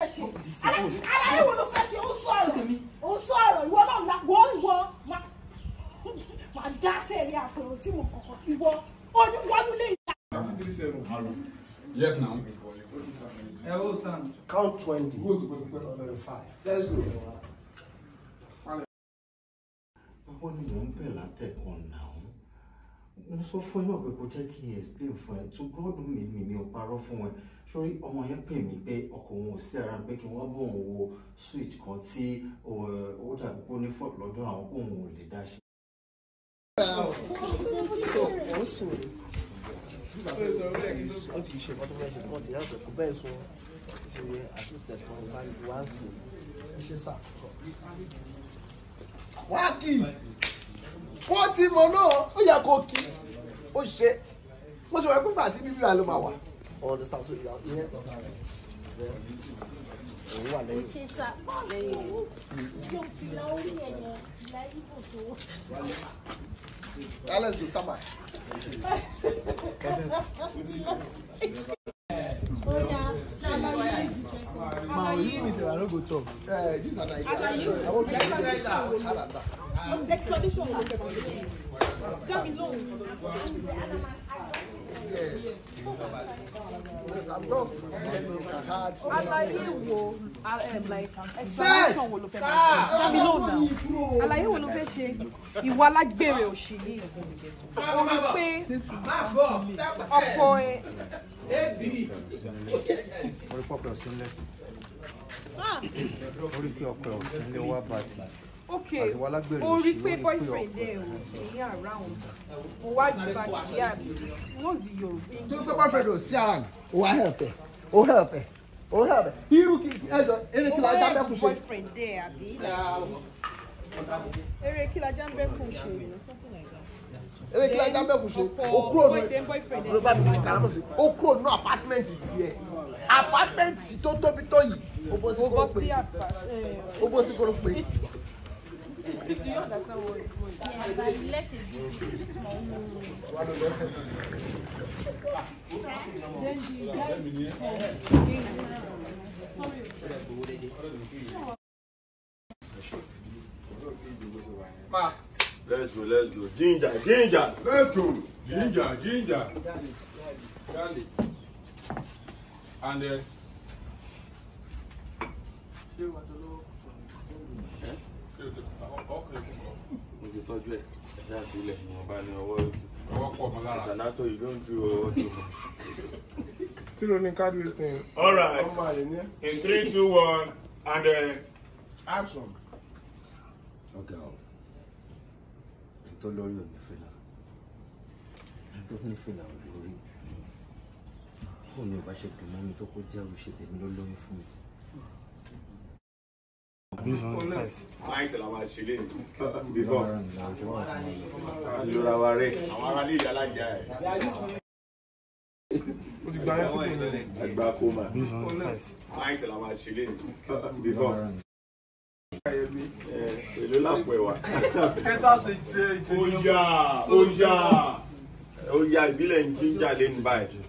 aláyé Yes, now. Hello, Sam. Count 20. Good, good, good. 25. Let's go. Wọ́n ní mò ń bẹ̀ látẹ̀kọ̀ mo sọ fún ẹ náà pé kò jẹ́ kí n explain fún ẹ tó gọ́ọ̀dù mi mi mi ò parọ́ fún ẹ sórí ọmọ yẹn pè mí pé ọkọ òun ò sí ara pé kí wọ́n bọ̀ òun wo switch kan tí ó dàbí kó ní fọ́ọ̀tù lọ́dún àwọn kó òun ò lè dá ṣe. wọ́n ti ṣe kọ́tọ́ mẹ́sẹ̀ wọ́n ti yàtọ̀ kó bẹ́ẹ̀ sọ ṣe assistant kan báyìí wá sí i ṣe sà. wákì wọ́n ti mọ̀ náà ó yẹ kó kí ó ṣe mo ṣe wọ́n pípa àti bíbí àlọ́ máa wà. ọ̀rọ̀ ti sàṣọ ìyá ìyẹn ṣe sàpá lẹ́yìn yóò fi la orí ẹ̀yàn ìlà ibò tó. Alex go stand by. Àlàyé mi sọ̀rọ̀ ló go talk. Ẹ jísà náà ìgbà. Àlàyé mi sọ̀rọ̀ ló go talk explanation wo ló fẹ́ kọ́ lóṣù tell me long. yes yes i'm lost. àlàyé wo like explanation wo ló fẹ́ kọ́ tell me o rí pé ọkọ ẹ. orí pọ́pẹ́ ọ̀sùn lẹ́kọ̀ọ́ orí pé ọkọ ẹ̀ ọ̀sùn lé wá bàtì okay o rí pé boyfriend ẹ ò sí around mo wá ju bàtìyà mi wọ́n sì yorùbá. tó tó boyfriend ò sí around ó wá help ẹ ó help ẹ ó help ẹ irú kí ẹjọ eré kí la jábẹ́ kù ṣe. boyfriend ẹ àbí eré kí la jábẹ́ kù ṣe eré kí la jábẹ́ kù ṣe ó kúrò ní apartment tiẹ̀ apartment tó tóbi tó yìí ó bọ́ sí kórópè ó Ma, Let's go, let's go. Ginger, ginger. Let's go. Ginger, ginger. Garlic. And then. Uh, tọ́jú ẹ̀ ẹ ṣáà sílẹ̀ wọn bá ní ọwọ́ ọwọ́ pọ̀ mọ́ lára sanato you don't do ọwọ́ tó mọ́. still only card listing. all right ọmọ àlè ní. in three two one and then. Uh, action. ọ̀gá o ètò lórí ò ní fìlà ètò ní fìlà ò lórí fóònù ìbáṣepọ̀ mọ́mi tó kó jẹ́ òṣèlú mi ló fún mi láìsí la máa a léyìn bífọ̀ lóra wa rẹ̀ àwọn ará ní ìyá alájà ẹ̀. ó ti gba ẹsẹ̀ ní ẹgbà kọ́mà láìsí la máa ṣe léyìn bífọ̀. èlò làpọ̀ ẹ̀wà. ó yá ó yá ó yá ìbílẹ̀ ń jíjà lẹ́nu báyìí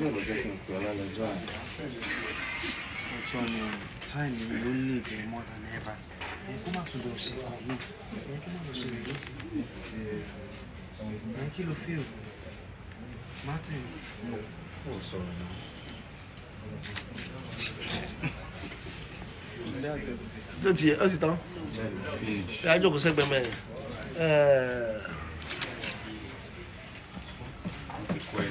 náà ló jẹ́ kí n pè ọ́ lálẹ́jọ́ àná. ọjọ́ ni táìmì ló ní ìdè more than ever ẹ kó má tún lọ ṣe kan náà ẹ kó má lọ ṣe lè lọ́sẹ̀ ẹ kí ló fi o Martins. ó sọ̀rọ̀ náà. ló ti yẹ ó sì tán. ẹ á jókòó sẹ́gbẹ̀ẹ́ mẹ́rin.